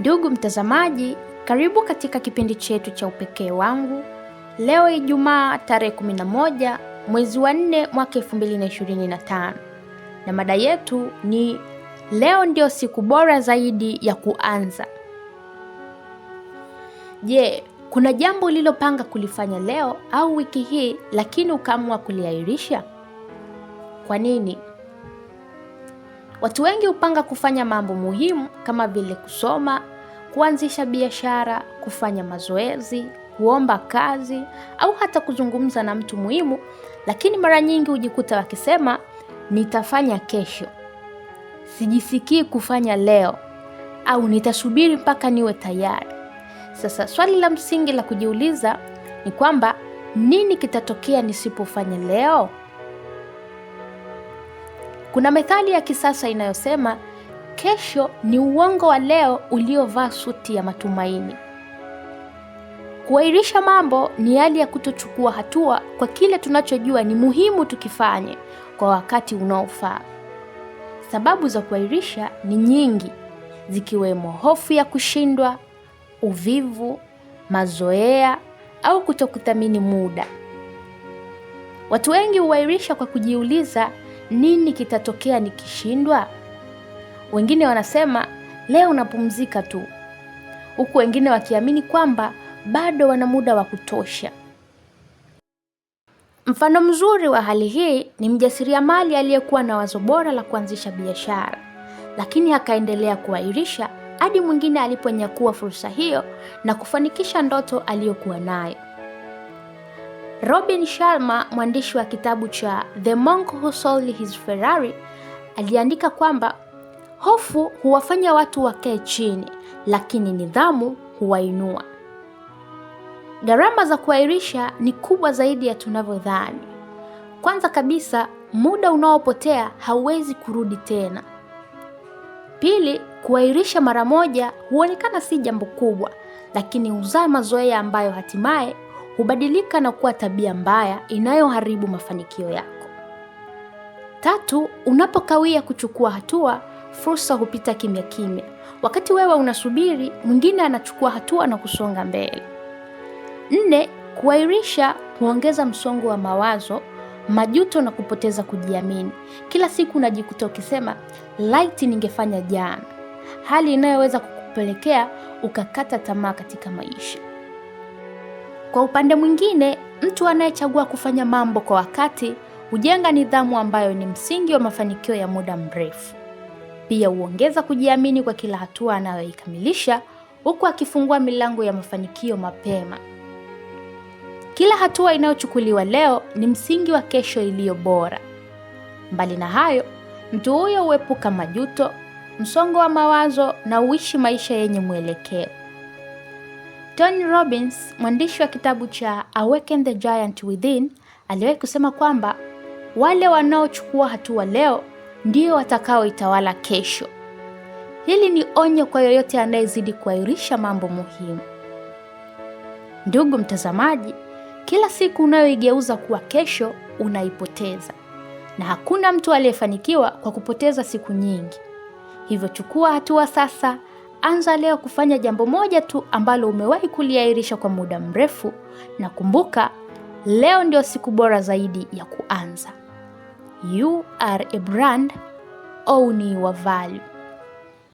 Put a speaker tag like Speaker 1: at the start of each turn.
Speaker 1: Ndugu mtazamaji, karibu katika kipindi chetu cha Upekee wangu. Leo Ijumaa tarehe 11 mwezi wa 4 mwaka 2025, na mada yetu ni leo ndio siku bora zaidi ya kuanza. Je, kuna jambo ulilopanga kulifanya leo au wiki hii, lakini ukaamua kuliahirisha? Kwa nini? Watu wengi hupanga kufanya mambo muhimu kama vile kusoma, kuanzisha biashara, kufanya mazoezi, kuomba kazi au hata kuzungumza na mtu muhimu, lakini mara nyingi hujikuta wakisema nitafanya kesho, sijisikii kufanya leo, au nitasubiri mpaka niwe tayari. Sasa swali la msingi la kujiuliza ni kwamba nini kitatokea nisipofanya leo? Kuna methali ya kisasa inayosema kesho ni uongo wa leo uliovaa suti ya matumaini. Kuahirisha mambo ni hali ya kutochukua hatua kwa kile tunachojua ni muhimu tukifanye kwa wakati unaofaa. Sababu za kuahirisha ni nyingi, zikiwemo hofu ya kushindwa, uvivu, mazoea au kutokuthamini muda. Watu wengi huahirisha kwa kujiuliza nini kitatokea nikishindwa? Wengine wanasema leo napumzika tu, huku wengine wakiamini kwamba bado wana muda wa kutosha. Mfano mzuri wa hali hii ni mjasiriamali aliyekuwa na wazo bora la kuanzisha biashara, lakini akaendelea kuahirisha hadi mwingine aliponyakua fursa hiyo na kufanikisha ndoto aliyokuwa nayo. Robin Sharma, mwandishi wa kitabu cha The Monk Who Sold His Ferrari, aliandika kwamba hofu huwafanya watu wakae chini, lakini nidhamu huwainua. Gharama za kuahirisha ni kubwa zaidi ya tunavyodhani. Kwanza kabisa, muda unaopotea hauwezi kurudi tena. Pili, kuahirisha mara moja huonekana si jambo kubwa, lakini huzaa mazoea ambayo hatimaye hubadilika na kuwa tabia mbaya inayoharibu mafanikio yako. Tatu, unapokawia kuchukua hatua, fursa hupita kimya kimya. Wakati wewe unasubiri, mwingine anachukua hatua na kusonga mbele. Nne, kuahirisha huongeza msongo wa mawazo, majuto na kupoteza kujiamini. Kila siku unajikuta ukisema laiti ningefanya jana, hali inayoweza kukupelekea ukakata tamaa katika maisha. Kwa upande mwingine, mtu anayechagua kufanya mambo kwa wakati hujenga nidhamu ambayo ni msingi wa mafanikio ya muda mrefu. Pia huongeza kujiamini kwa kila hatua anayoikamilisha huku akifungua milango ya mafanikio mapema. Kila hatua inayochukuliwa leo ni msingi wa kesho iliyo bora. Mbali na hayo, mtu huyo huepuka majuto, msongo wa mawazo na huishi maisha yenye mwelekeo. Tony Robbins, mwandishi wa kitabu cha Awaken the Giant Within, aliwahi kusema kwamba wale wanaochukua hatua leo ndio watakaoitawala kesho. Hili ni onyo kwa yoyote anayezidi kuahirisha mambo muhimu. Ndugu mtazamaji, kila siku unayoigeuza kuwa kesho unaipoteza, na hakuna mtu aliyefanikiwa kwa kupoteza siku nyingi. Hivyo chukua hatua sasa anza leo kufanya jambo moja tu ambalo umewahi kuliahirisha kwa muda mrefu, na kumbuka, leo ndio siku bora zaidi ya kuanza. You are a brand, own your value.